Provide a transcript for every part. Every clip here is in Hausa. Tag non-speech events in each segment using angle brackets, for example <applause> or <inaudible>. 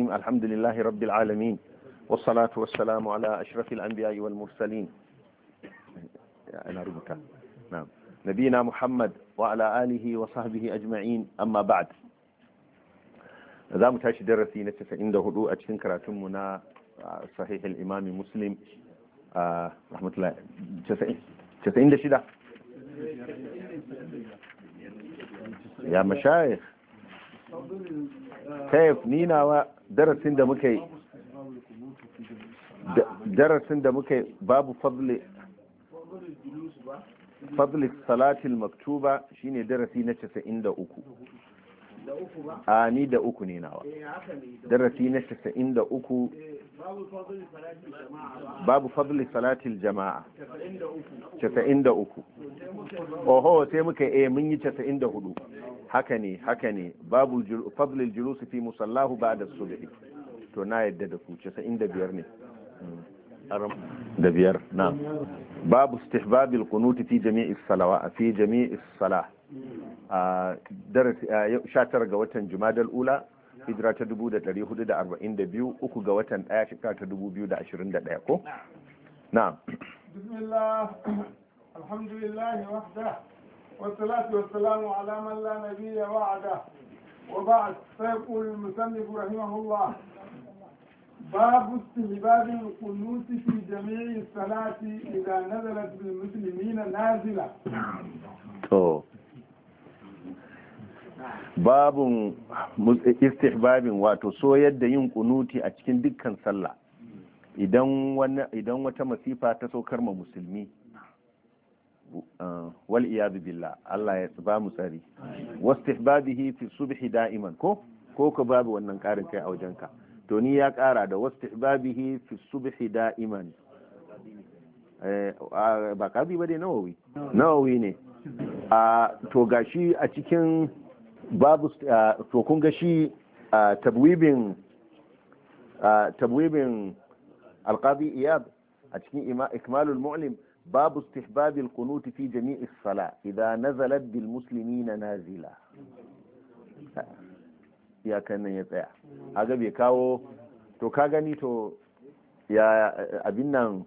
الحمد لله رب العالمين والصلاة والسلام على أشرف الأنبياء والمرسلين أنا ربك نعم نبينا محمد وعلى آله وصحبه أجمعين أما بعد ذا متاش درسي نتفع عنده هدوء أجهن كراتمنا آه، صحيح الإمام مسلم آه، رحمة الله تسعين دشدة يا مشايخ كيف نينا و darasin da muka yi darasin da muka yi babu fadli fadli salatil maktuba shine darasi na 93 da uku a ni da uku ne nawa darasi na 93 da uku babu fadli salatil jama'a 93 da uku oho sai muka yi eh, mun yi 94 haka ne haka ne babu fadlil julus fi musallahu ba'da subh to na yadda da ku biyar ne da biyar na babu istihbabil qunut fi jami'i salawa fi jami'i salah a darasi 19 ga watan jumadal ula hijira ta 1442 uku ga watan daya shekara ta 2021 ko na'am bismillah alhamdulillah wahda والصلاة والسلام على من لا نبي بعده وبعد سيقول المصنف رحمه الله باب استحباب القنوت في جميع الصلاة إذا نزلت بالمسلمين نازلة باب istihbabin wato so yadda yin kunuti a cikin dukkan idan wata masifa ta saukar ma musulmi wal iyadu billah Allah ya ba mu tsari wastihbabihi fi subhi da'iman ko ko ka babu wannan karin kai a wajenka to ni ya kara da wastihbabihi fi subhi da'iman ba kazi ba dai nawawi nawawi ne a to gashi a cikin babu to kun ga shi tabwibin tabwibin alqadi iyad a cikin ikmalul mu'lim babu istihbabil qunuti fi Idan sala idza nazalat bil muslimina nazila ya kan nan ya tsaya aga bai kawo to ka gani to ya abin nan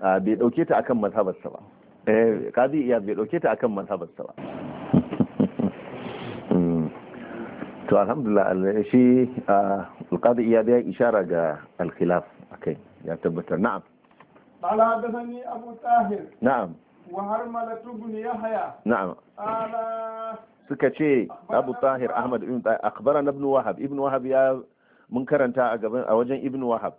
bai dauke akan mazhabarsa ba eh kazi iya bai dauke akan mazhabarsa ba to alhamdulillah shi alqadi iya da ishara ga alkhilaf akai ya tabbatar na'am قال حدثني أبو طاهر نعم وهرملة بن يحيى نعم قال suka ce abu tahir ahmad ibn akhbarana ibn wahab ibn wahab ya mun karanta a gaban a wajen ibn wahab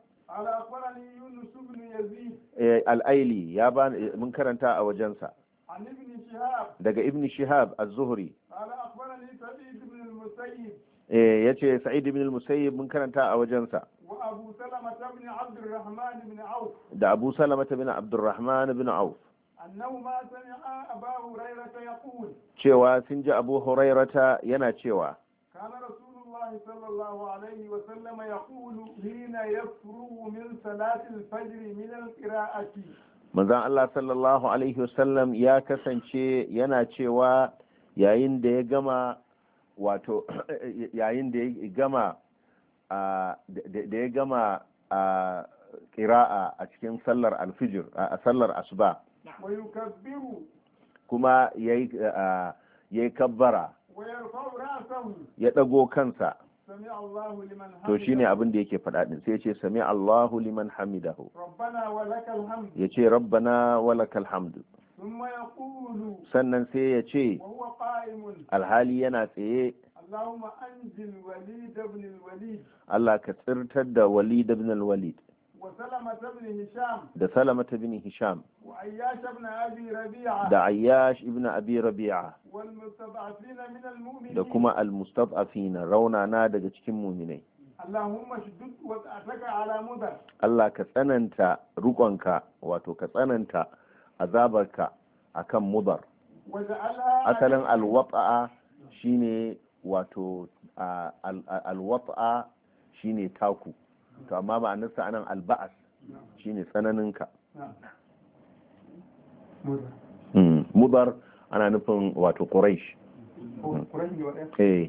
eh, al-aili ya bani mun karanta a wajensa daga ibn shihab az-zuhri eh yace sa'id ibn al-musayyib mun karanta a wajensa wa abu salama ibn abdurrahman ibn auf da abu salama ibn abdurrahman ibn auf annahu ma sami'a abu hurairata yaqul cewa sun ji abu hurairata yana cewa kana sallallahu الله صلى الله عليه وسلم يقول حين يفرغ من صلاة الفجر من القراءة manzon Allah sallallahu alaihi wa sallam ya kasance yana cewa yayin da ya gama wato <clears throat> yayin da ya gama da ya gama ƙira'a a cikin sallar alfijir a sallar asuba kuma ya yi kabbara ya ɗago kansa to shi ne abin da yake faɗaɗin sai ce sami Allahu liman hamidahu ya ce rabbana walakal hamdu sannan sai ya ce alhali yana tsaye Allah ka tsirtar da walid ibn al-walid da salamata bin hisham da ayyash ibn abi rabi'a da kuma al-mustad'afina raunana daga cikin muminai Allah ka tsananta rukonka wato ka tsananta azabarka akan mudar asalin alwata'a shine wato alwata'a shine taku to amma ba a nasa anan alba'as shine tsananinka mudar hmm, ana nufin wato quraish oh, eh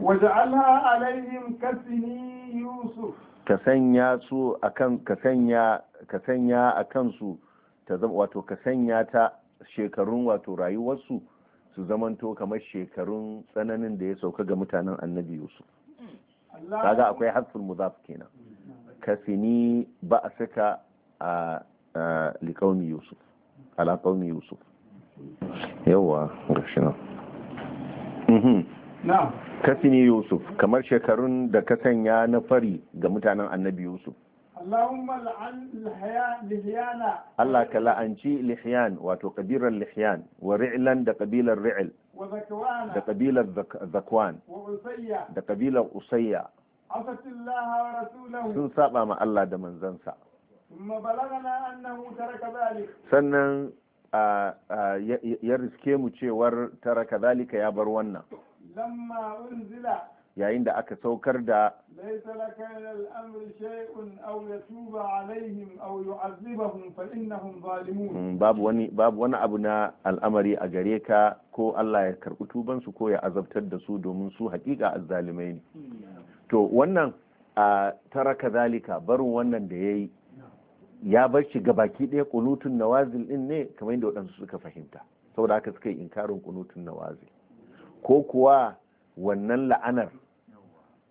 waja'alha alaihim kasni yusuf ka sanya su akan ka sanya akan su ta zama wato ka sanya ta shekarun wato rayuwarsu su zamanto kamar shekarun tsananin da ya sauka ga mutanen annabi yusuf kaga akwai hasul muzaf kenan kasini ba a saka a liƙaumi yusuf ala yusuf yawa Ka kasini yusuf kamar shekarun da ka sanya na fari ga mutanen annabi yusuf Allah ka la'anci lihyan wato kabilar lihyan wa ri'lan da kabilar ri'il da kabilar zakwan da kabilar usayya sun saba ma Allah da manzansa sannan ya riske mu cewar tara zalika ya bar wannan yayin da aka saukar da hmm, babu wani abu na al'amari a gare ka ko Allah ya karɓi tubansu ko ya azabtar da su domin su haƙiƙa azzalimai ne to wannan a taraka zalika barin wannan da yayi ya bar shi ga baki ɗaya kunutun nawazil din ne kamar yadda waɗansu suka fahimta saboda haka suka yi inkarin kunutun nawazil ko kuwa wannan la'anar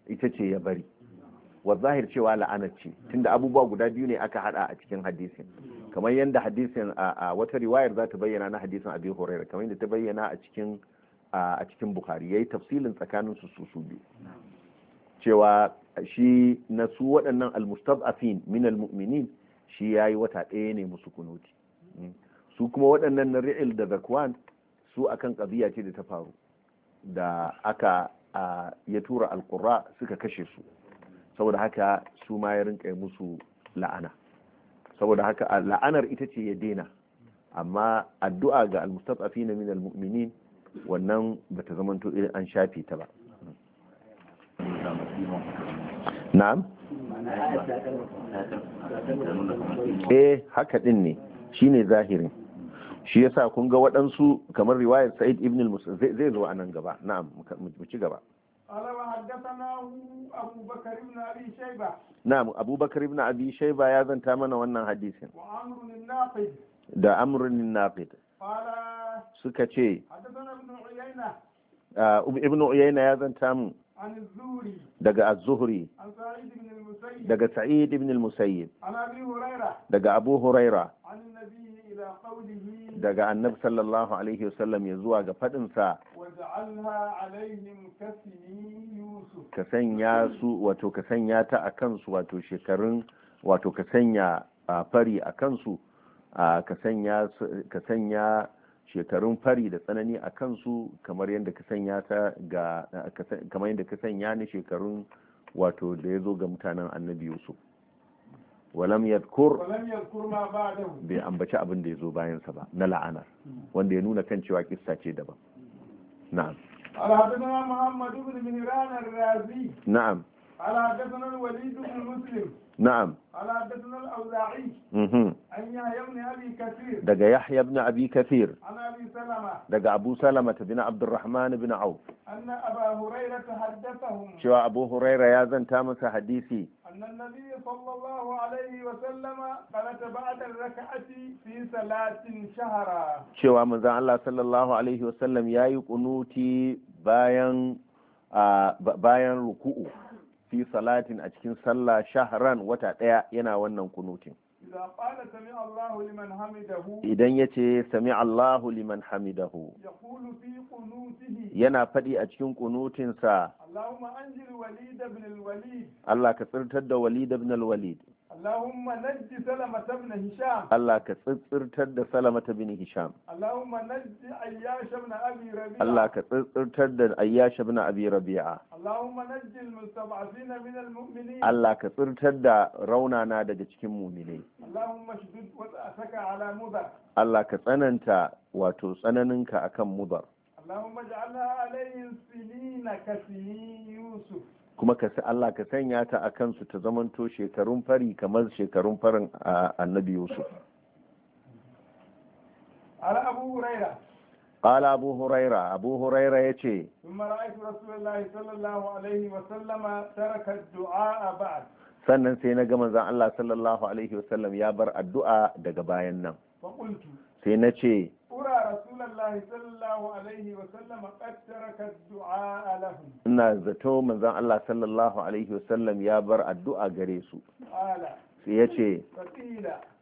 ita ce ya bari wa zahir cewa la'anar ce tunda abubuwa guda biyu ne aka hada a cikin hadisin kamar yadda hadisin a wata riwayar za ta bayyana na hadisin abin horaira. kamar yadda ta bayyana a cikin a cikin yi yayi tafsilin tsakanin su su biyu cewa shi na su waɗannan almustad'afin min almu'minin shi ya yi wata ɗaya ne musu kunuti hmm. su kuma waɗannan na ri'il da zakwan su akan qadiya ce da ta faru da aka ya tura alkura suka kashe su saboda haka su ma ya rinka musu la'ana saboda haka la'anar ita ce ya daina amma addu'a ga almustafafi na minal almuminin wannan ba ta zamanto irin an shafe ta ba na'am eh haka din ne shine zahirin shi yasa kun ga waɗansu kamar riwaya Sa'id ibn al-Musayyib zai zo a nan gaba na'am mu ci gaba na'am Abu Bakar ibn Abi Shayba ya zanta mana wannan hadisin da amrun naqid suka ce ah, ibn Uyayna ya zanta mu daga az-Zuhri daga Sa'id ibn al-Musayyib daga Abu Huraira daga annabi sallallahu alaihi wasallam ya zuwa ga faɗinsa ka sanya su wato ka sanya ta a kansu wato shekarun wato ka sanya fari a kansu ka sanya shekarun fari da tsanani a kansu kamar yadda ka sanya ta ga kamar yadda ka sanya ni shekarun wato da ya zo ga mutanen annabi yusuf walam yadkur bai ambaci abin da ya zo bayansa ba na la'anar hmm. wanda ya nuna kan cewa kissa ce daban hmm. na'am al-hadithana muhammad ibn mihran ar-razi na'am قال حدثنا الوليد بن مسلم نعم قال حدثنا الأوزاعي عن يحيى بن أبي كثير دقى يحيى بن أبي كثير عن أبي سلمة دقى أبو سلمة بن عبد الرحمن بن عوف أن أبا هريرة حدثهم شو أبو هريرة يا زن تامس حديثي أن النبي صلى الله عليه وسلم قالت بعد الركعة في صلاة شهرا شو من الله صلى الله عليه وسلم يا يقنوتي باين آه باين ركوع fi salatin a cikin sallah shahran wata ɗaya yana wannan kunutin idan ya ce sami Allahu liman hamidahu yana faɗi a cikin kunutinsa Allah ka tsirtar da walid ibn al-walid Allahumma najji salamata bin Hisham. Allah ka tsirtar da salamata bin Hisham. Allahumma najji ayyasha bin Abi Rabi'a. Allah ka tsirtar da ayyasha bin Abi Rabi'a. Allahumma najji al-mustad'afina min al-mu'minin. Allah ka tsirtar da raunana daga cikin mu'minai. Allahumma shdid wa saka ala mudar. Allah ka tsananta wato tsananinka akan mudar. Allahumma ja'alha alayhi sinina ka Yusuf. kuma ka Allah ka sanya ta a kansu ta zamanto shekarun fari kamar shekarun farin annabi Yusuf. Ala Abu Huraira. Ala Abu Huraira, Abu Huraira ya ce, Sannan sai na ga manzan Allah sallallahu Alaihi wa sallam ya bar addu'a daga bayan nan. sai na ce ina zato manzan Allah sallallahu alaihi wasallam ya bar addu'a gare su sai ce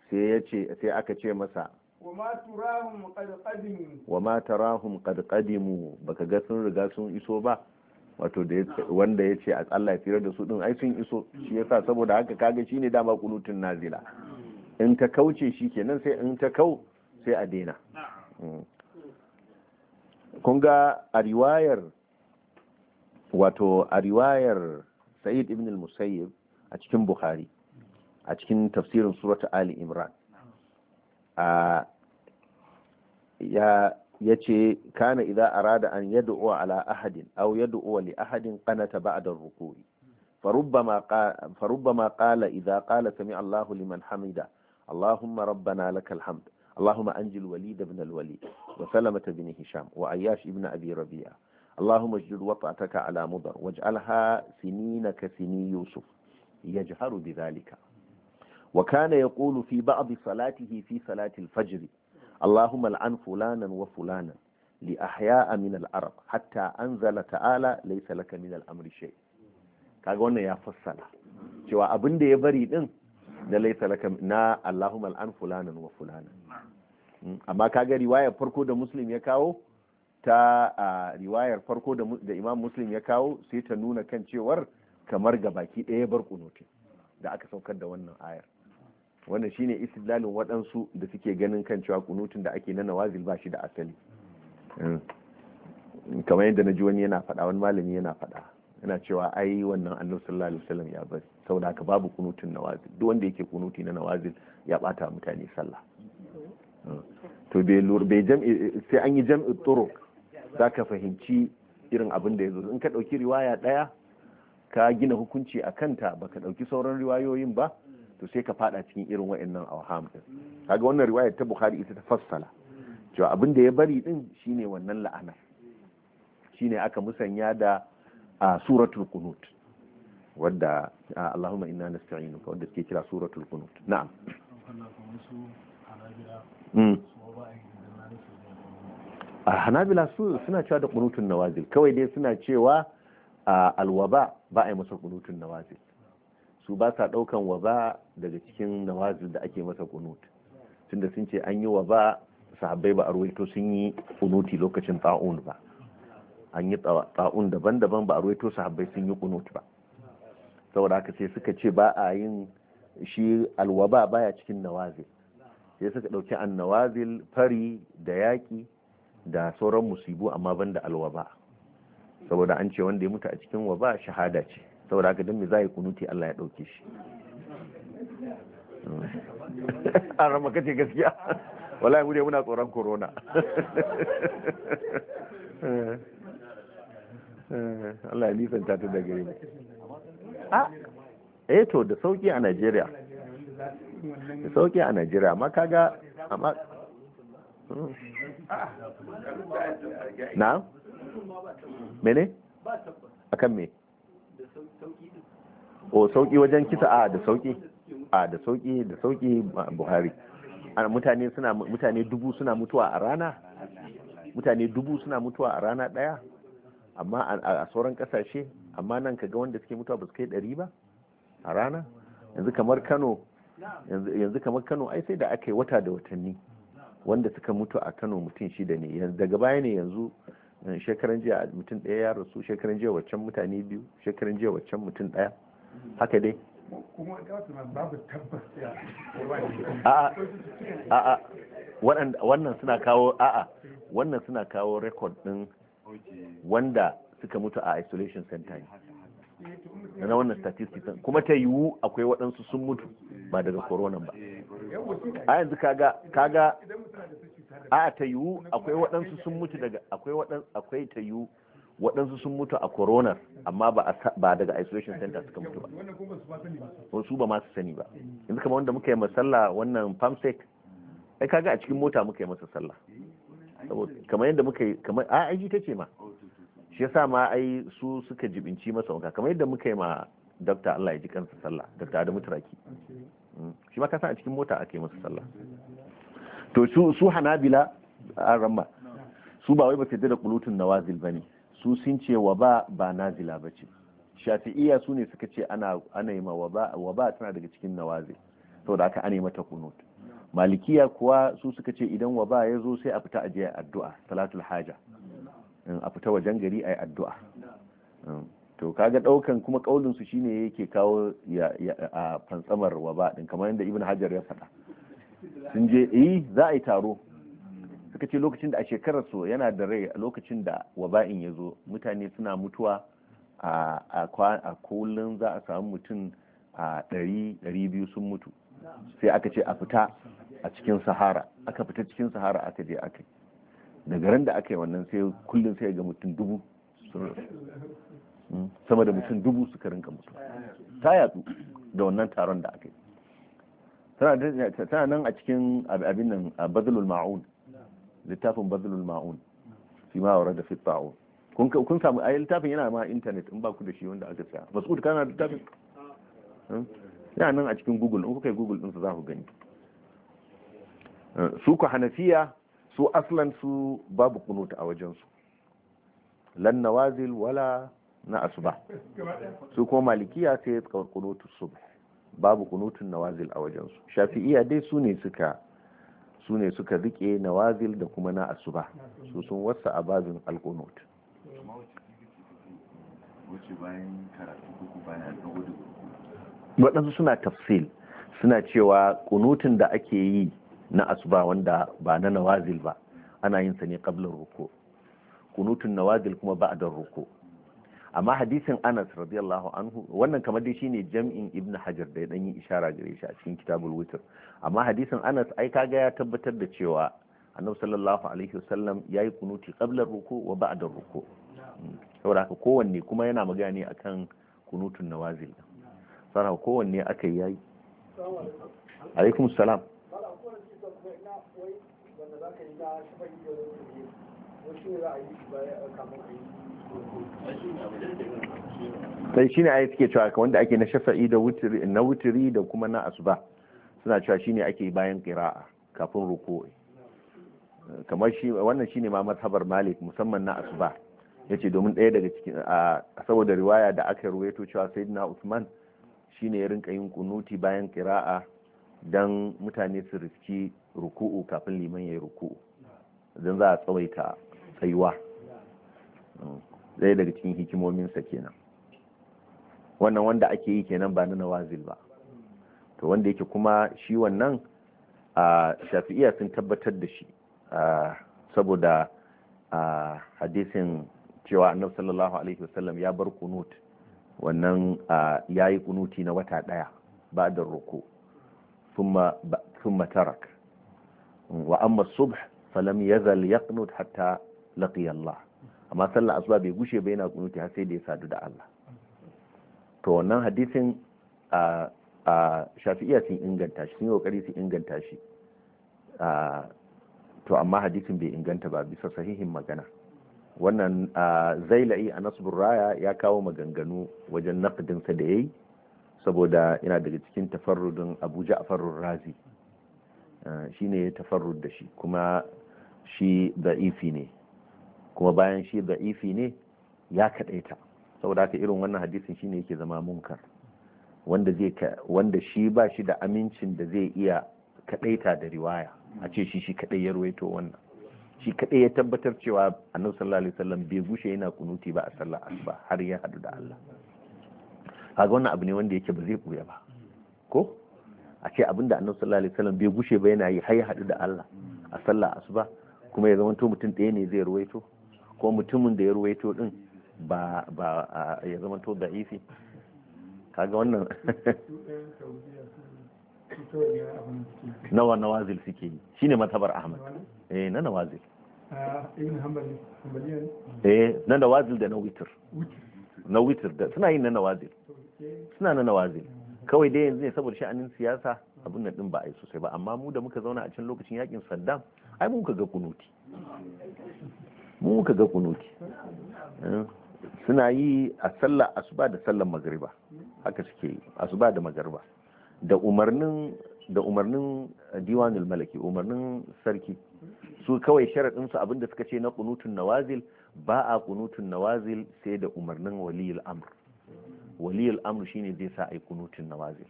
sai ya ce aka ce masa wa ma tarahum qad qadimu baka ga sun riga sun iso ba wato da wanda ya ce Allah ya tsira da su din ai sun iso shi yasa saboda haka kaga shine dama kunutun nazila in ta kauce shi kenan sai in ta kau sai a daina kun ga a riwayar wato a riwayar sa'id ibn al-musayyib a cikin bukhari a cikin tafsirin surata ali imran a ya yace kana idza arada an yad'u ala ahadin aw yad'u li ahadin qanata ba'da ar-ruku'i فربما قال فربما قال إذا قال سمع الله لمن حمده اللهم ربنا اللهم أنجل وليد بن الوليد وسلمة بن هشام وعياش بن أبي ربيعة اللهم اجدد وطأتك على مضر واجعلها سنين كسني يوسف يجهر بذلك وكان يقول في بعض صلاته في صلاة الفجر اللهم العن فلانا وفلانا لأحياء من العرب حتى أنزل تعالى ليس لك من الأمر شيء kaga wannan ya fassala cewa abin da ya bari din na laita laka na Allahumma al'an fulanan wa fulanan hmm? amma kaga riwayar farko da muslim ya kawo ta riwayar farko da imam muslim ya kawo sai ta nuna kan cewar kamar ga baki ɗaya bar kunuti da aka saukar da wannan ayar wannan shine istidlalin waɗansu da suke ganin kan cewa kunutin da ake na nawazil ba shi da asali hmm. kamar yadda na ji wani yana faɗa wani malami yana faɗa yana cewa ai wannan annabi sallallahu alaihi wasallam ya bari saboda haka babu kunutun nawazil duk wanda yake kunuti na nawazil ya bata mutane sallah to bai lura bai jam'i sai an yi jam'i turuq zaka fahimci irin abin da yazo in ka dauki riwaya daya ka gina hukunci a kanta baka dauki sauran riwayoyin ba to sai ka fada cikin irin wa'annan awham din kaga wannan riwayar ta bukhari ita ta fassala to abin da ya bari din shine wannan la'ana shine aka musanya da suratul qunut wadda Allahumma inna nasta'inuka wadda suke kira suratul qunut na'am hmm. a hanabila su suna cewa da kunutun nawazil kawai dai suna cewa alwaba ba a yi masa kunutun nawazil su ba sa daukan waba daga cikin nawazil da ake masa qunut tunda sun ce an yi waba sahabbai ba a ruwaito sun yi qunuti lokacin ta'un ba an yi ta'un daban-daban ba a ruwaito sahabbai sun yi qunut ba saboda haka sai suka ce ba a yin shi alwaba baya cikin nawazil sai suka dauki an nawazil fari da yaki da sauran musibu amma ban da alwaba saboda an ce wanda ya mutu a cikin waba shahada ce saboda haka don me za yi kunuti Allah ya dauke shi a <laughs> ramaka ce gaskiya wallahi mu muna tsoron corona <laughs> eh, eh, Allah ya nisanta ta da gare a eh to da sauki a Najeriya da sauki a Najeriya amma kaga amma hmm. na mene kan me o oh, sauki wajen kisa a da sauki a da sauki da sauki Buhari mutane suna mutane dubu suna mutuwa a rana mutane dubu suna mutuwa a rana daya amma a sauran kasashe amma nan kaga wanda suke mutuwa ba su kai ɗari ba a rana yanzu kamar kano yanzu kamar kano ai sai da aka yi wata da watanni wanda suka mutu a kano mutum shida ne daga baya ne yanzu eh, shekaran jiya mutum ɗaya ya rasu shekaran jiya waccan mutane biyu shekaran jiya waccan mutum ɗaya haka dai a'a wannan suna kawo a'a wannan suna kawo rekod ɗin wanda suka mutu a isolation center ne na eh, wannan statistics kuma ta yiwu akwai waɗansu sun mutu ba eh, daga corona ba eh, a yanzu kaga kaga a ta yiwu akwai waɗansu sun mutu daga akwai waɗansu akwai ta yiwu waɗansu sun mutu a corona amma ba daga isolation center suka mutu ba wasu ba masu sani ba yanzu kamar wanda muka yi masalla wannan sec ai kaga a cikin mota muka yi masa sallah kamar yadda muka yi kamar a aji ta ce ma oh, shi yasa ma ai su suka jibinci masa wanka kamar yadda muka yi ma dokta Allah ya ji kansa sallah dakta Adamu mutraki mm. shi ma ka san a cikin mota akai masa sallah to su su Hanabila a ramma su ba wai ba da kulutun nawazil bane su sun ce wa ba ba nazila bace shafi'iyya su ne suka ce ana ana yi ma wa ba wa ba tana daga cikin nawazil saboda aka ana yi mata kunut malikiya kuwa su suka ce idan wa ba ya zo sai a fita je addu'a salatul haja a fita wajen gari a yi addu'a mm. to kaga daukan kuma kaulin su shine yake kawo a fantsamar waba din kamar yadda ibn hajar ya faɗa sun je eh za a yi taro suka ce lokacin da a shekarar so yana da rai a lokacin da waba'in ya zo mutane suna mutuwa a kullum za a samu mutum a ɗari biyu sun mutu sai aka ce a fita a cikin sahara aka fita cikin sahara aka je aka yi daga ran da aka yi wannan sai kullum sai ga mutum dubu hmm? sama da mutum dubu suka rinka mutum ta yatsu da wannan taron da aka yi tana nan a cikin abin nan a bazalul ma'un littafin bazalul ma'un fi ma da fi kun samu a littafin yana ma intanet in ba ku da shi wanda aka ba su kana da littafin hmm? yana nan a cikin google in kuka yi google din su za ku gani hmm? su ku hanafiya su aslan su babu kunuta a wajensu lan nawazil wala na asuba su kuma malikiya sai ya tsawar kunutu su babu kunutun nawazil a wajensu shafi'iya dai su ne suka su ne suka rike nawazil da kuma na asuba su sun wasa a bazin alkunut waɗansu suna tafsil suna cewa kunutun da ake yi na asuba wanda ba na nawazil ba ana yin sa ne qablar ruku kunutun nawazil kuma don ruku amma hadisin Anas radiyallahu anhu wannan kamar dai shine jam'in Ibn Hajar da ya dan yi ishara gare shi a cikin Kitabul Witr amma hadisin Anas ai kaga ya tabbatar da cewa Annabi sallallahu alaihi wasallam yayi kunuti qabla ruku wa don ruku saboda haka kowanne kuma yana magana ne akan kunutun nawazil saboda kowanne aka yi alaikum salam akwai wanda za ka yi shi da ne ko shi za a yi shi a yi sai shi ne ayi suke cewa wanda ake na shafa'i da na wuturi da kuma na asuba suna cewa ne ake bayan kira'a kafin ruku'i kamar shi wannan ne ma mazhabar Malik musamman na asuba yace domin ɗaya daga cikin a saboda riwaya da aka ruwaito cewa na Usman ne ya rinka yin kunuti bayan kira'a don mutane su riski ruku'u kafin liman ya yi ruku'u don za a tsawaita tsayuwa zai daga cikin hikimomin sa kenan wannan wanda ake yi kenan ba na nawazil ba to wanda yake kuma shi wannan a shafi'iya sun tabbatar da shi saboda a hadisin cewa annabi sallallahu alaihi wasallam ya bar kunut wannan ya yi kunuti na wata daya ba da roko sun tarak wa amma subh falam yazal yaqnut hatta laqiya Allah amma sallar asuba bai gushe ba yana kunuti har sai da ya sadu da Allah to wannan hadisin a a sun inganta shi sun yi kokari sun inganta shi to amma hadisin bai inganta ba bisa sahihin magana wannan zaila'i a nasbur raya ya kawo maganganu wajen sa da yayi saboda yana daga cikin tafarrudin a ja'farur razi Eh, shi ne ya tafarrud da shi kuma shi da'ifi ne kuma bayan shi da'ifi ne ya kaɗaita saboda haka irin wannan hadisin ne yake zama munkar wanda shi ba shi da amincin da zai iya kaɗaita da riwaya a ce shi shi kaɗai ya ruwaito wannan shi kaɗai ya tabbatar cewa annabi sallallahu alaihi wasallam bai gushe yana kunuti ba a sallar asuba har ya hadu da Allah kaga wannan abu ne wanda yake ba zai buya ba ko a ce abinda annabi sallallahu alaihi wasallam bai gushe ba yana yi har ya da Allah a sallah asuba kuma ya zama to mutum ɗaya ne zai ruwaito ko mutumin da ya ruwaito din ba ba ya zama to ifi kaga wannan <laughs> nawa nawazil suke yi shine matabar ahmad eh na nawazil eh, eh na nawazil da na witr na witr da suna yin na nawazil eh. suna na nawazil kawai dai yanzu ne saboda sha'anin siyasa abin nan din ba a yi sosai ba amma mu da muka zauna a can lokacin yakin saddam ai mun ga kunuti mun muka ga kunuti eh, suna yi a sallar asuba da sallar magriba haka suke yi asuba da magriba da umarnin da umarnin diwanul malaki umarnin sarki su kawai sharaɗin su abinda suka ce na kunutun nawazil ba a kunutun nawazil sai da umarnin waliyul amr waliyul amru shine zai sa ai kunutun nawazil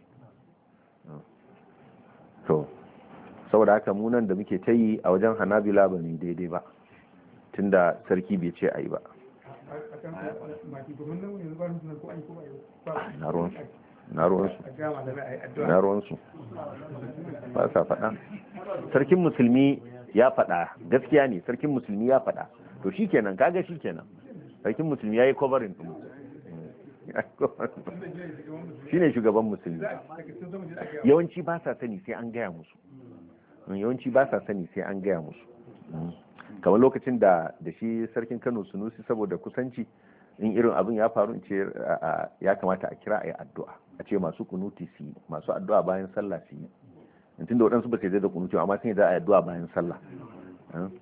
to saboda haka mu nan da muke ta yi a wajen hanabila ba ne daidai ba tunda sarki bai ce ai ba na ruwansu na ruwansu ba sa faɗa sarkin musulmi ya faɗa gaskiya ne sarkin musulmi ya faɗa to shi kenan kaga shi kenan. sarkin musulmi ya yi kwabarin. ɗin ne shugaban musulmi yawanci ba sa sani sai an gaya musu yawanci ba sa sani sai an gaya musu kamar lokacin da da shi sarkin Kano Sunusi saboda kusanci in irin abin ya faru ce ya kamata a kira a yi addu'a a ce masu kunuti su yi masu addu'a bayan sallah su yi da waɗansu ba sai da kunuti amma sun yi za a addu'a bayan sallah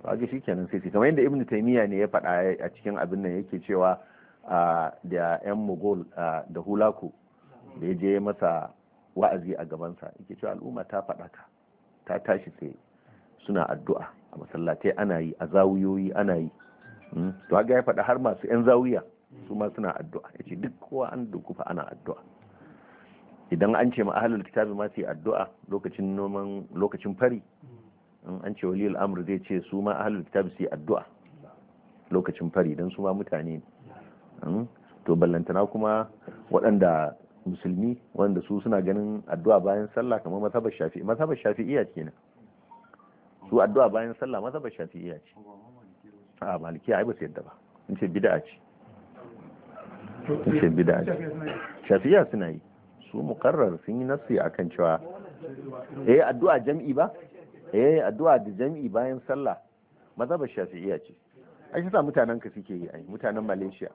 a shi kenan sai kamar yadda ibn taymiya ne ya faɗa a cikin abin nan yake cewa da 'yan mogol da hulaku da ya je masa wa'azi a gabansa yake cewa al'umma ta faɗaka ta tashi sai suna addu'a a masallatai ana yi a zawiyoyi ana yi hmm? to haka ya faɗa har masu 'yan zawiya su ma suna addu'a ya ce duk kowa an dukufa ana addu'a idan an ce ma'ahalar kitabi ma su yi addu'a lokacin noman lokacin fari an ce waliyul amr zai ce su ma kitabi su yi addu'a lokacin fari don su ma mutane ne Hmm? to ballantana kuma waɗanda musulmi wanda su suna ganin addu'a bayan sallah kamar mazhabar shafi'i mazhabar shafi'iyya kenan su addu'a bayan sallah mazhabar shafi'iyya ce a maliki ai ba su yadda ba in ce bid'a ce in ce bid'a ce shafi'iyya suna yi su muqarrar sun yi nassi akan cewa eh addu'a jam'i ba eh addu'a da jam'i bayan sallah mazhabar shafi'iyya ce ai shi sa mutanen ka suke yi ai mutanen Malaysia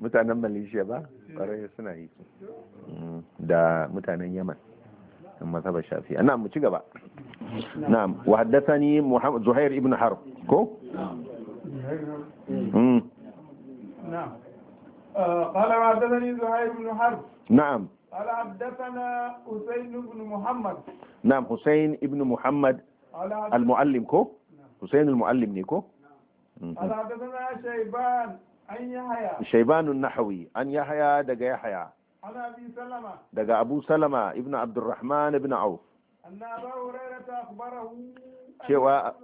mutanen malaysia ba suna yi mm, da mutanen yaman mazhabar shafi ana mu ci gaba na'am wa haddasa ni zuhair ibn har ko mm. na'am uh, qala wa haddathani zuhair ibn na'am قال حدثنا حسين بن محمد نعم حسين محمد المعلم كو حسين المعلم نيكو Mhm. قال حدثنا شيبان عن يحيى شيبان النحوي عن يحيى دقى يحيى عن أبي سلمة دقى أبو سلمة ابن عبد الرحمن بن عوف أن أبا هريرة أخبره cewa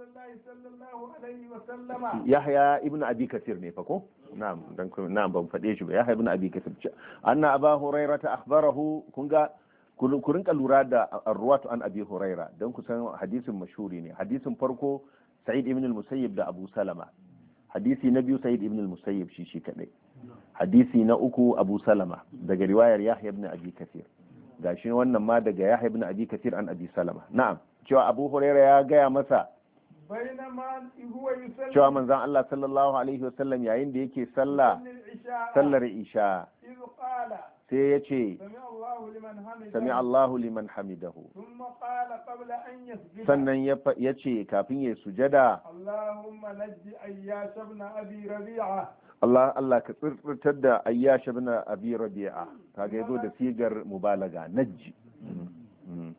yahya ibn abi ne fa ko ban fade shi ba yahya ibn abi kathir ce anna aba huraira ta akhbarahu kun lura da ruwatu an abi huraira dan kusan hadisin mashuri ne hadisin farko sa'id ibn al da abu salama hadisi na biyu sa'id ibn al-musayyib shi shi kadai hadisi na uku abu salama daga riwayar yahya ibn abi kathir gashi wannan ma daga yahya ibn abi kathir an abi salama na'am cewa abu huraira ya gaya masa cewa manzan Allah sallallahu alaihi wasallam yayin da yake sallah sallar isha sai ya ce sami Allahu liman hamidahu sannan ya ce kafin ya sujada Allah Allah ka tsirtar da ayyash ibn abi rabi'a kaga yazo da sigar mubalaga najji mm. Mm.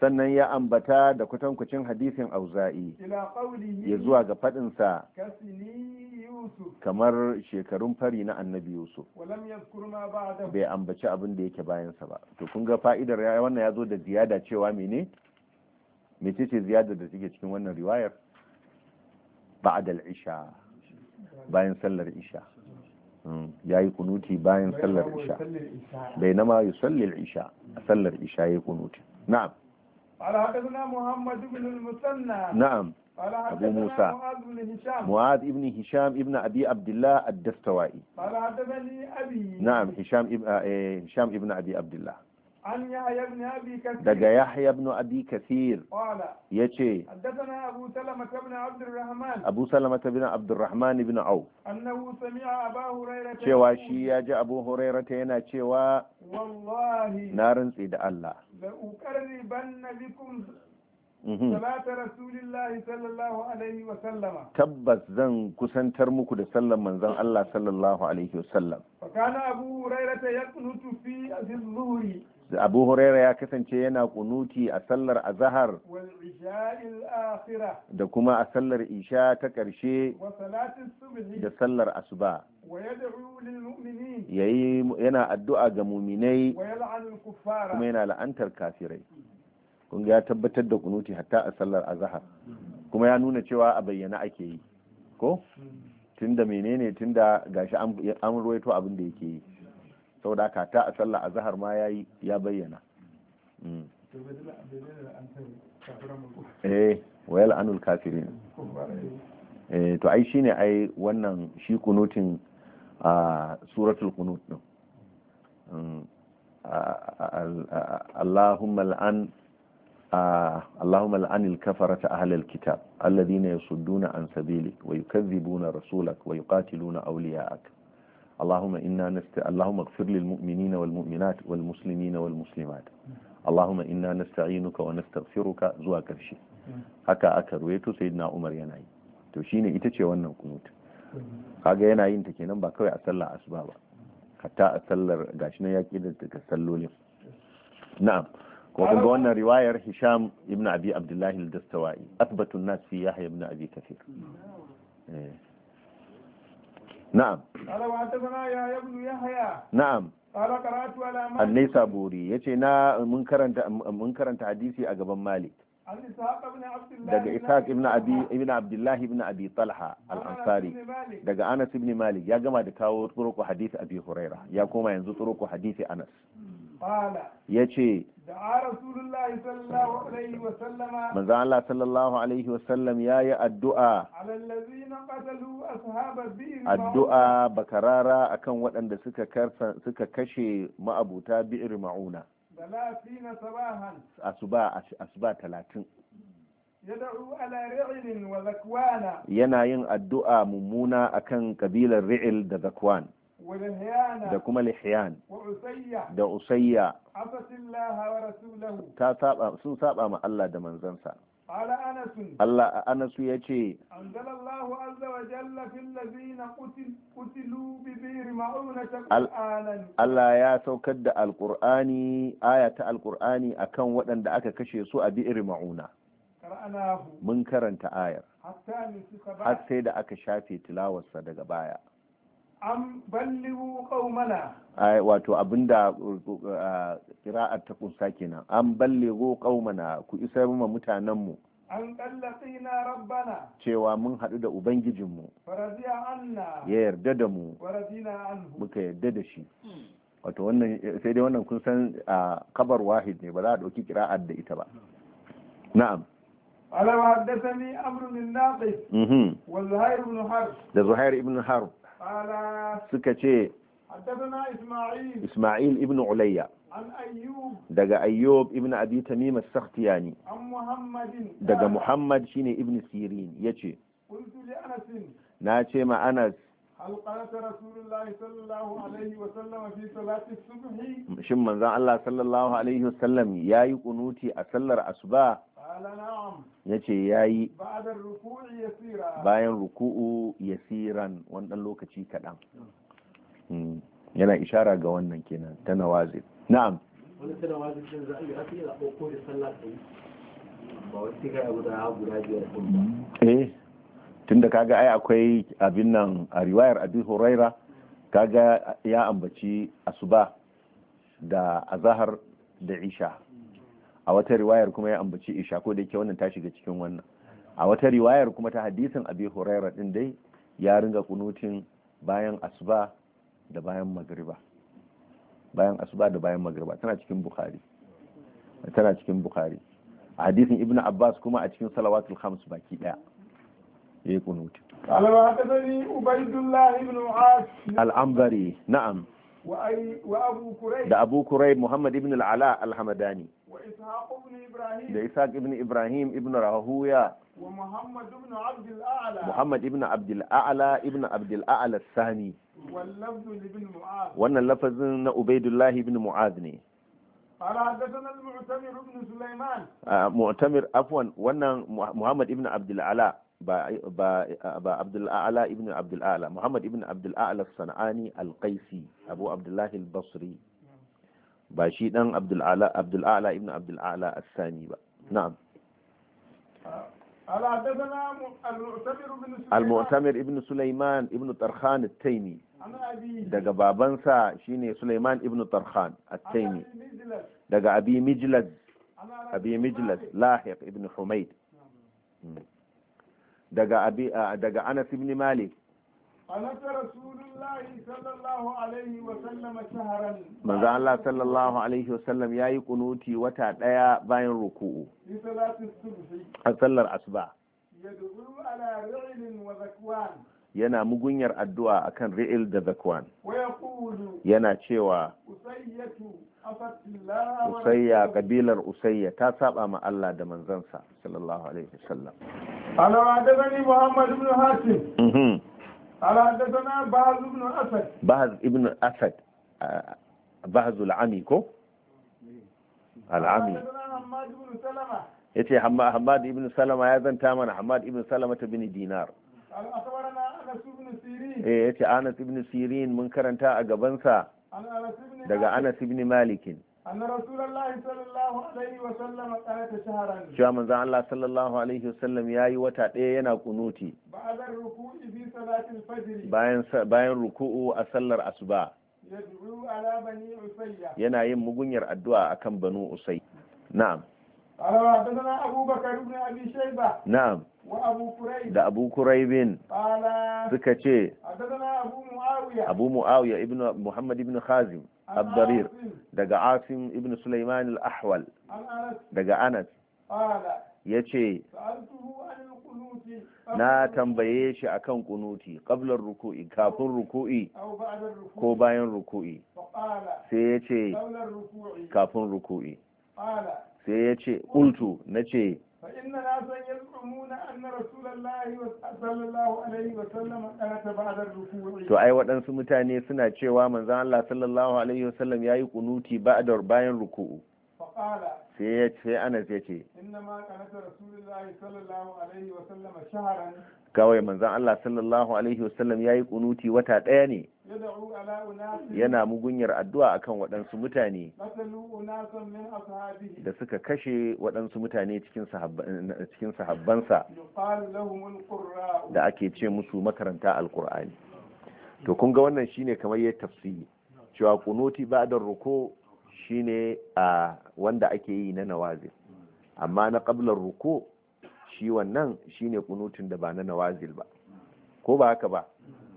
sannan ya ambata da kutankucin hadisin auza'i ya zuwa ga faɗinsa kamar shekarun fari na annabi yusuf bai ambaci abin da yake bayansa ba to kun ga fa'idar wannan ya zo da ziyada cewa mene mece ce ziyada da take cikin wannan riwayar ba'adal isha bayan sallar isha ya yi kunuti bayan sallar isha bai nama yi sallar isha a sallar isha ya yi kunuti na'am na'am أبو موسى معاذ ابن هشام ابن أبي عبد الله الدستوائي نعم هشام ابن هشام ابن daga Yahya ibn Abi Kathir ya ce, Abu Salama ta bin Abdurrahman ibn Aw. cewa shi ya ji Abu Huraira ta yana cewa na rantse da Allah. Tabbas zan kusantar muku da sallan manzon Allah sallallahu Alaihi wasallam. Fakana Abu abu huraira ya kasance yana kunuti a sallar azahar da kuma a sallar isha ta ƙarshe da sallar asuba yayi yana addu'a ga muminai kuma yana la'antar kafirai kun ya tabbatar da kunuti hatta a sallar azahar kuma ya nuna cewa a bayyana ake yi ko tunda menene tunda gashi an ruwaito abin da yake yi saboda ka ta a sallah azhar ma yayi ya bayyana mm. eh, eh, to ai shine ai wannan shi kunutin suratul kunut din mm. Allahumma al'an Allahumma al'an al-kafara ta ahal al-kitab, Allah dina ya su duna an sabili, wa rasulak, wa yi katiluna auliya اللهم إنا نستعين اللهم اغفر للمؤمنين والمؤمنات والمسلمين والمسلمات اللهم إنا نستعينك ونستغفرك زوا كرشي هكا أكرويت سيدنا عمر يناي to shine ita ce wannan kunut kaga yana yin ta kenan ba kawai a sallar asuba ba hatta a sallar gashi na yaki da daga sallolin na'am ko kun ga wannan riwayar Hisham ibn Abi Abdullah al-Dastawai athbatun nas fi Yahya ibn Abi Kathir eh na'am قال وحدثنا ya ce yace na mun karanta mun karanta hadisi a gaban Malik daga Ishaq ibn Abi ibn Abdullah ibn Abi Talha al-Ansari daga Anas ibn Malik ya gama da kawo turuku hadisi Abi Huraira ya koma yanzu turuku hadisi Anas hmm. ya ce manzo Allah sallallahu alaihi wasallam ya yi addu'a addu'a bakarara akan waɗanda suka kashe ma'abuta bi'ir ma'una asuba talatin yana yin addu'a mummuna akan kabilar ri'il da zakwan da kuma lihyan da usayya ta saba sun saba ma Allah da manzansa Allah a Anasu ya ce, Allah ya saukar da Alƙur'ani, aya ta a kan waɗanda aka kashe su a bi'ir ma'una. Mun karanta ayar, har sai da aka shafe tilawarsa daga baya. an balligu qaumana ai wato abinda uh, qira'ar ta kunsa kenan an balligu qaumana ku isar mu mutanen mu an kallatsina rabbana cewa mun haɗu da ubangijinmu ya yarda da mu muka yarda da shi hmm. wato wannan sai dai wannan kun san uh, kabar wahid ne ba za a ɗauki kira'ar da ita ba na'am alawa haddasani amrun bin naqis mhm. wa zuhair ibn harb da zuhair ibn harb suka ce Ismail ibn Ulayya daga Ayyub ibn Abi Tamim as-Sakhtiyani daga Muhammad shine ibn Sirin yace na ce ma Anas halqat rasulullahi sallallahu alaihi wa sallam fi salati subhi shin manzon Allah sallallahu alaihi wa sallam yayi kunuti a sallar asuba yace yayi bayan ruku'u yasiran wani dan lokaci kaɗan yana ishara ga wannan kenan ta nawazi na'am wani ta nawazi din za a yi rafi da ko da sallar da yi ba wata guda guda biyar ba eh tunda kaga ai akwai abin nan a riwayar abin huraira kaga ya ambaci asuba da azahar da isha a wata riwayar kuma ya ambaci isha ko da yake wannan ta shiga cikin wannan a wata riwayar kuma ta hadisin abin huraira din dai ya ringa kunutin bayan asuba da bayan magriba bayan asuba da bayan magriba tana cikin bukhari tana cikin bukhari a hadisin ibnu abbas kuma a cikin salawatul khams baki daya ya yi kunuti. Al-Mahadari Ubaidullah ibn Mu'ash. Al-Ambari, na'am. Wa Abu Kurai. Da Abu Muhammad ibn al-Ala Da Ishaq ibn Ibrahim ibn Rahuya. Muhammad ibn Abdul A'la. ibn Abdul A'la Sani. واللفظ لابن معاذ وان اللفظ عبيد الله بن معاذ ني قال حدثنا المعتمر بن سليمان ba abdul a'la ibn abdul a'la muhammad ibn abdul a'la sanani al-qaisi abu abdullah al-basri ba shi dan abdul a'la abdul a'la ibn abdul a'la as-sani ba na'am al-mu'tamir ibn sulaiman ibn tarkhan at-taymi daga babansa shine sulaiman ibn tarkhan at-taymi daga abi mijlad abi mijlad lahiq ibn humayd daga abi daga Anas ibn Malik Anas Rasulullahi sallallahu alaihi wa sallam shahran Manzo Allah sallallahu alaihi wa sallam yayi kunuti wata daya bayan ruku'u a sallar asuba ala wa zakwan yana mugunyar addu'a akan ri'il da zakwan yana cewa usayyatu usayya kabilar usayya ta saba ma Allah da manzansa sallallahu alaihi wasallam ala hadathani muhammad ibn hatim mhm. ala hadathana bahz ibn asad bahz ibn asad bahz al-ami ko al-ami yace hamad ibn salama ya zanta mana hamad ibn salama ta bin dinar eh yace anas ibn sirin mun karanta a gabansa daga anas ibn malikin anna Rasulullahi sallallahu alaihi wa sallam وسلم ɗaya yana kunuti بعد bayan ruku'u a sallar asuba yad'u yana yin mugunyar addu'a akan banu usay na'am قال وحدثنا أبو بكر بن أبي شيبة نعم وأبو كريب ده أبو كريب قال سكتشي حدثنا أبو معاوية أبو معاوية ابن محمد ابن خازم الضرير دقى عاصم ابن سليمان الأحول دقى أنس قال يتشي سألته عن القنوت na tambaye shi akan kunuti qablar ruku'i kafin ruku'i ko bayan ruku'i sai ya ce kafin ruku'i sai ya ce ƙultu na ce to ai waɗansu mutane suna cewa manzan Allah sallallahu alaihi wasallam yi kunuti ba'da bayan ruku'u sai ya ce Anas sai ce kawai manzan Allah sallallahu alaihi wasallam yi kunuti wata ɗaya ne yana mugunyar addu'a akan waɗansu mutane da suka kashe waɗansu mutane cikin sahabbansa da ake ce musu makaranta alkur'ani to kun ga wannan shine kamar ya tafsiri cewa kunuti ba'da ruko shine a wanda ake yi na nawazil amma na qablar ruko shi wannan shine kunutun da ba na nawazil ba ko ba haka ba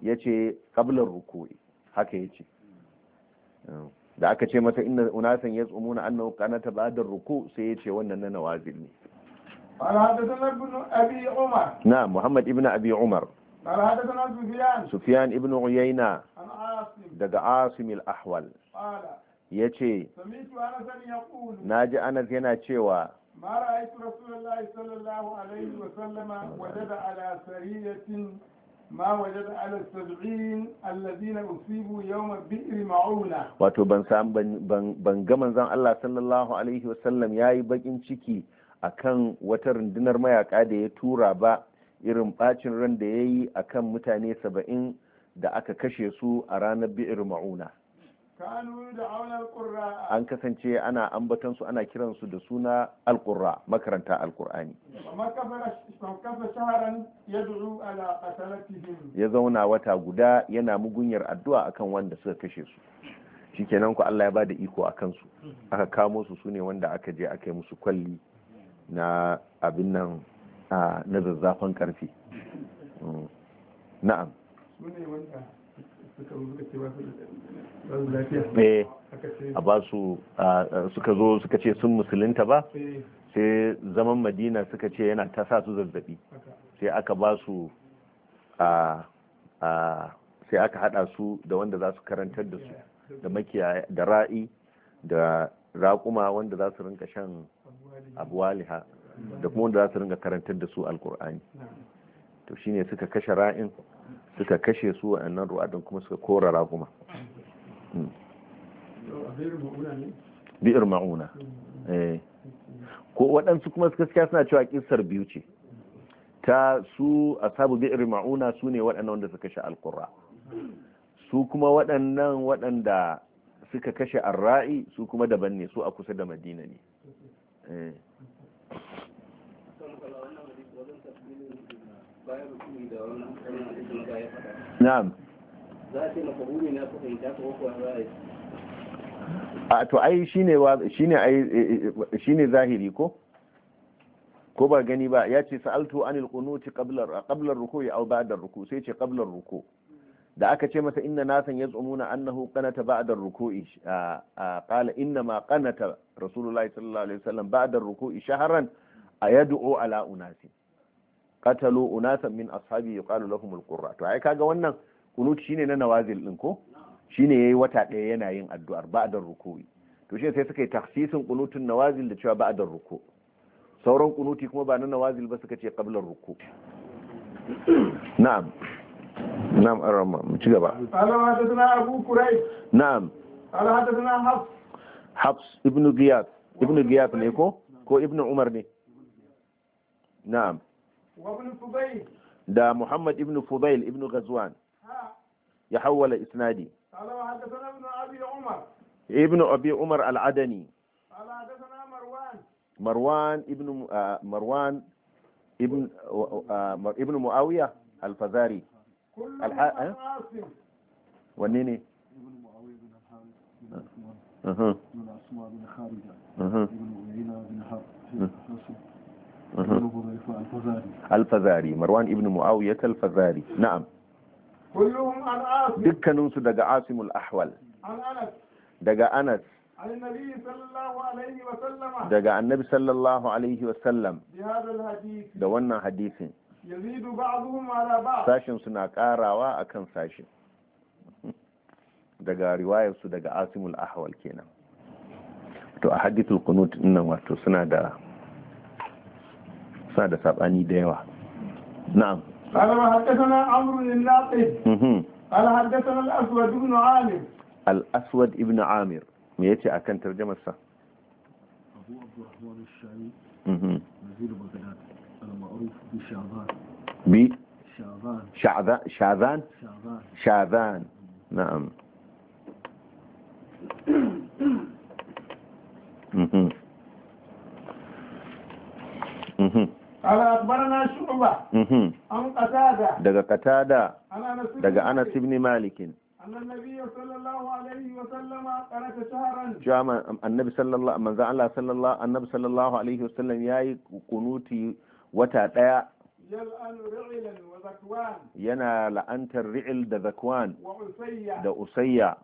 ya ce ƙablar rukuri haka ya ce da aka ce mata inna unasan ya tsumu na annahu kanata ba da ruku sai ya ce wannan na nawazil ne na muhammad ibn abi umar sufiyan ibn uyaina daga asim al-ahwal ya ce na ji anas yana cewa ما رأيت رسول الله صلى الله عليه وسلم وجد على سرية ma waje da ala sab'in alladina usibu yawma bi'r ma'una wato ban ga manzon Allah sallallahu alaihi wasallam yayi bakin ciki akan wata rundunar mayaka da ya tura ba irin bacin ran da yayi akan mutane saba'in da aka kashe su a ranar bi'r ma'una an kasance ana ambatan su ana kiransu da suna alqurra makaranta alqur'ani ya zauna wata guda yana mugunyar addu'a akan wanda suka kashe su shikenan ku Allah ya bada iko a kansu aka kamo su sune wanda aka je aka yi musu kwalli na abin nan na zazzafan karfe. Mm. na'am Eh, a ba su suka zo suka ce sun musulunta ba eh. sai zaman madina suka ce yana ta sa su zazzabi sai aka ba su a sai aka hada su da wanda za su karantar da su da makiyaya da ra'i da raƙuma wanda za su rinka shan abuwaliha da kuma wanda za su rinka karantar da su alkur'ani to shine suka kashe ra'in suka kashe su wa'annan ru'adin kuma suka kora raguma hmm. bi'ir ma'una eh. ko waɗansu kuma suka suka suna cewa kisar biyu ce ta su asabu bi'ir ma'una su ne waɗannan wanda suka kashe alƙura su kuma waɗannan waɗanda suka kashe arra'i su kuma daban ne su a kusa da madina ne eh. za a ce makaruni na kuka yi ta kuka a to ai shine shine ai shine zahiri ko ko ba gani ba ya ce sa'altu anil qunuti qabla qabla ruku'i aw ba'da ruku sai ce qabla ruku da aka ce masa inna nasan yaz'umuna annahu qanata ba'da ruku'i qala inna ma qanata rasulullahi sallallahu alaihi wasallam ba'da ruku'i shahran ayad'u ala unasi qatalu unasan min ashabi yuqalu lahum alqurra to ai kaga wannan kunut shine na nawazil din ko shine yayi wata daya yana yin addu'ar ba'dar ruku'i to shi sai suka yi takhsisin kunutun nawazil da cewa ba'dar ruku sauran kunuti kuma ba na nawazil ba suka ce qablar ruku <coughs> na'am na'am arama mu ci gaba alhamdulillah abu quraish na'am alhamdulillah hafs حفص ابن غياث ابن غياث نيكو ko Ibn Umar ne? Na'am. وابن فضيل دا محمد ابن فضيل ابن غزوان يحول إسنادي قال وحدثنا ابن أبي عمر ابن أبي عمر العدني قال حدثنا مروان مروان ابن آه، مروان ابن آه، ابن معاوية الفزاري عاصم ونيني ابن معاوية بن الحارث بن عثمان بن خارجة ابن عيينة بن حرب أه. alfazari marwan ibn muawiyat alfazari na'am dukkaninsu daga asimul ahwal daga anas daga annabi sallallahu alaihi wasallam da wannan hadisin sashin suna karawa akan sashin daga riwayarsu daga asimul ahwal kenan to a hadithul qunut nan wato suna da suna da saɓani da yawa na'am قال وحدثنا عمرو بن ناقد قال حدثنا الاسود بن عامر الاسود بن عامر me yace akan tarjumar sa Abu Abdurrahman Ash-Shami Nazir Baghdad al-ma'ruf bi Sha'ban bi Sha'ban Sha'ban Sha'ban na'am mhm mhm daga katada daga anas ibn malikin cewa annabi sallallahu manzan Allah sallallahu annabi sallallahu alaihi wasallam yayi kunuti wata ɗaya. yana la'antar ri'il da zakwan da usayya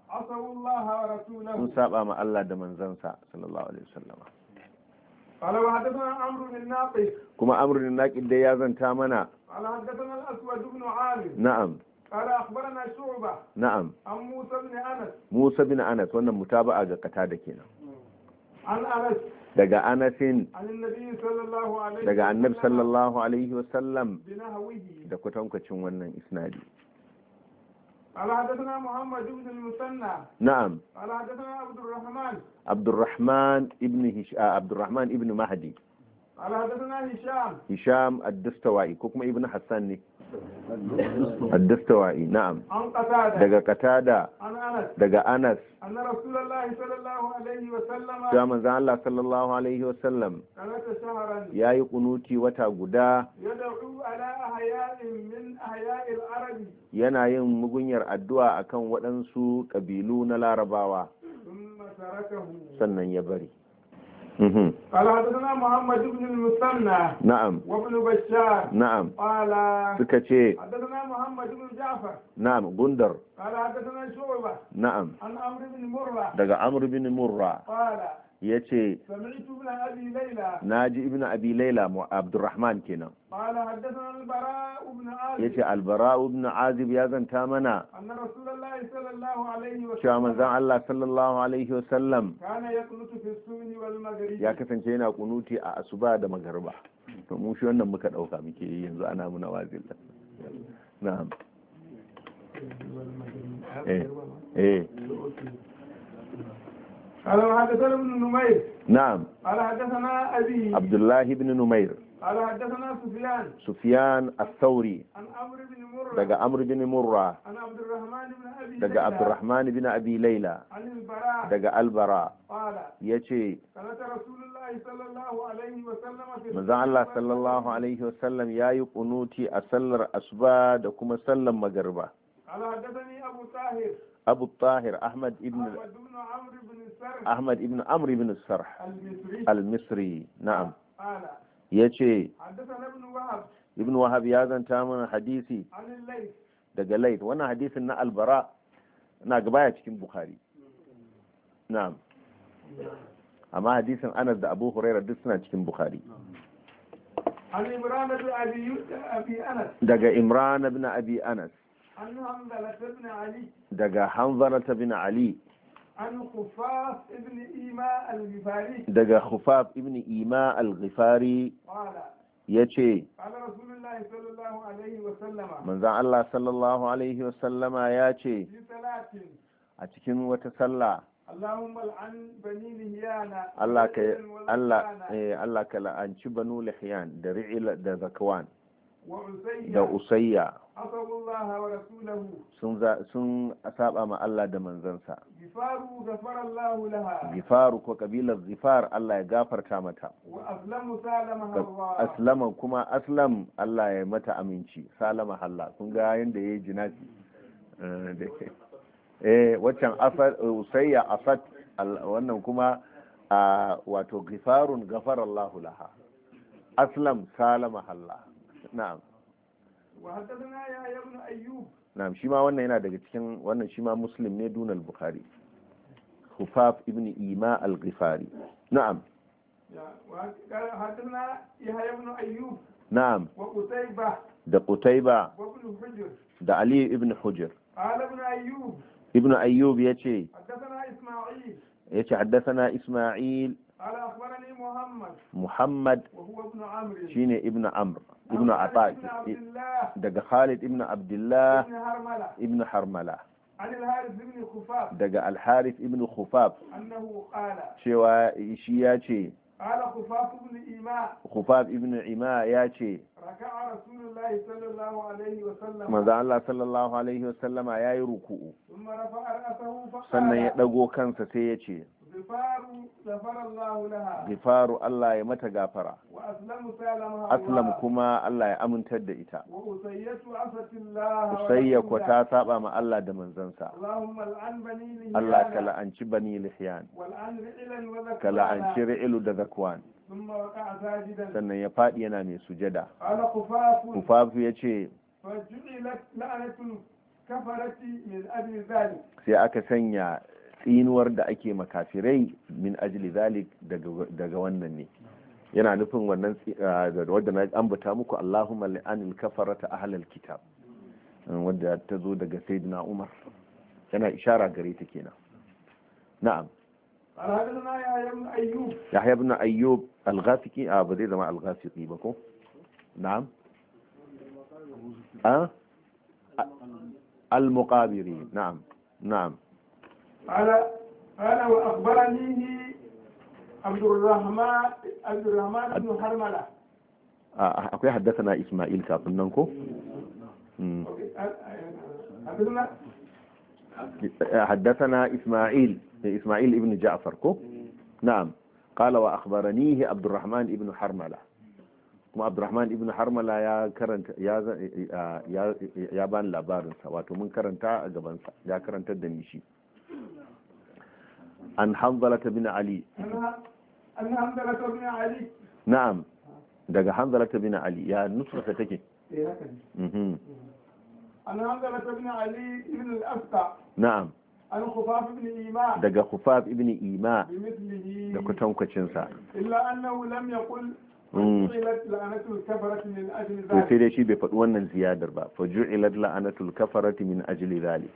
sun saba ma Allah da manzansa sallallahu alaihi wasallama kuma amru na naqid ya zanta mana na'am قال musa bin نعم عن موسى بن أنس موسى بن أنس وانا متابعة قتادة كنا عن أنس دقى أنس عن النبي صلى الله عليه قال حدثنا محمد بن المثنى نعم قال حدثنا عبد الرحمن عبد الرحمن ابن هش... آه، عبد الرحمن ابن مهدي Al-Hadduna Hisham. ko kuma Ibn Hassan ne? Ad-Dustawa'i, na'am. Daga Qatada. Daga Anas. Ya manzo Allah sallallahu alaihi wa sallam. Yayi kunuti wata guda. Yana yin mugunyar addu'a a kan waɗansu ƙabilu na Larabawa. Sannan ya bari. قال حدثنا محمد بن المثنى نعم وابن بشار نعم قال سكتشي حدثنا محمد بن جعفر نعم بندر قال حدثنا شعبة نعم عن عمرو بن مرة دقا عمرو بن مرة قال ya ce na ji ibn abi laila abdurrahman kenan ya ce albara ibn azib ya zanta mana cewa manzan Allah sallallahu alaihi wasallam ya kasance yana kunuti a asuba da magarba to mu shi wannan muka dauka muke yi yanzu ana muna wazil na'am eh eh قال حدثنا ابن نمير نعم قال حدثنا أبي عبد الله بن نمير قال حدثنا سفيان سفيان الثوري عن عمرو بن مرة دقى عمرو بن مرة عن عبد الرحمن بن أبي دقى عبد الرحمن بن أبي ليلى عن البراء دقى البراء قال يجي قالت رسول الله صلى الله عليه وسلم في مزع الله صلى الله عليه وسلم يا يقنوتي أسلر أسبا دكما سلم مغربا قال حدثني أبو طاهر أبو الطاهر أحمد ابن أحمد بن عمرو بن Ahmad ibn Amr ibn Sarh al-Misri na'am yace ibn Wahab ya zanta mana hadisi daga Layth wannan hadisin na Albara na gabaya cikin Bukhari na'am amma hadisin Anas da Abu Hurairah duk suna cikin Bukhari daga Imran ibn Abi Anas daga Hanzala ibn Ali an khufaf daga hufaf ibn ima al-ghifari ya ce manzan Allah sallallahu alaihi wasallama ya ce a cikin wata sallah eh, Allah ka la'anci banu lihiyan da ri'ila da zakwan da usayya sun saba ma Allah da manzansa gifaru ko kabilar zifar Allah ya gafarta mata aslama kuma aslam Allah ya mata aminci salama halla sun ga yadda ya yi jinasi <laughs> eh, waccan usayya asat wannan kuma wato gifarun gafar Allah laha aslam salama halla na'am wa hadathana ya ibn ayyub na'am shi wannan yana daga cikin wannan shima ma muslim ne dunal bukhari khufaf ibn ima al-ghifari na'am na'am da qutayba da ali ibn hujr ibn ayyub ya ce ya ce haddasana isma'il muhammad shine ibn amr ibn Ata eh, daga Khalid ibn Abdullah ibn Harmala daga Al-Harith ibn Khufaf cewa shi ya ce Khufaf ibn Ima ya ce manzo Allah sallallahu alaihi wasallama yayi ruku'u sannan ya dago kansa sai ya ce gifaru Allah ya mata gafara aslam kuma Allah ya amintar da ita usayya ko ta saba ma Allah da manzansa Allah ka la'anci bani lihyan ka la'anci ri'ilu da zakwan sannan ya faɗi yana mai sujada kufafu ya ce sai aka sanya tsinuwar da ake makafirai min ajili zalik daga wannan ne yana nufin wannan eh, wadda na ambata muku Allahumma li'anil kafarata ahlal kitab eh, wadda ta zo daga sayyidina Umar yana ishara gare ta kenan na'am Yahya ibn Ayyub al-Ghafiqi a ah, ba zai zama al-Ghafiqi ba ko na'am ah? al-Muqabiri na'am na'am قال قال واخبرني عبد الرحمن عبد الرحمن بن حرملة اكو حدثنا اسماعيل كابننكو حدثنا اسماعيل اسماعيل ابن جعفر كو نعم قال واخبرنيه عبد الرحمن ابن حرمله kuma abdurrahman ibn harmala ya karanta ya ban labarinsa wato mun karanta a gabansa ya karantar da ni shi An حنظلة بن علي عن daga hanzalata bin ali ya nusrata take an hanzalata bin ali ibn al na'am an khufaf ibn ima daga khufaf ibn ima da kutankwacin sa illa annahu lam yaqul sai dai shi bai faɗi wannan ziyadar ba fa ju'ilat la'anatul kafarati min ajli zalik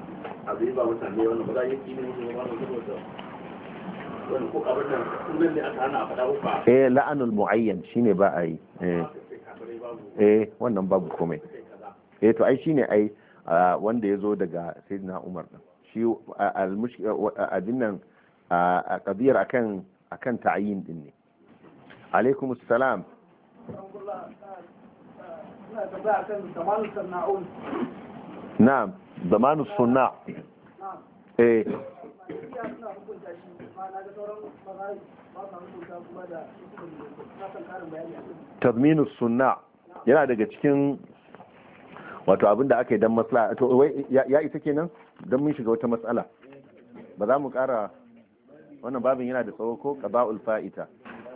abu ba shi wannan ba a yi ne a ba eh la'anul mu'ayyan ba eh. eh, wannan babu komai eh to ai shi ne ai wanda ya zo daga sayyidina umar din shi nan a kabiyar akan akan ta'ayin din ne alaikum assalam na'am zamanu suna eh tazminu suna yana daga cikin wato abin da aka yi don matsala to wai ya isa kenan don mun shiga wata matsala ba za mu kara wannan babin yana da tsawo ko qaba'ul fa'ita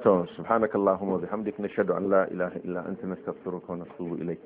to subhanakallahumma wa bihamdika nashhadu an la ilaha illa anta nastaghfiruka wa natubu ilayk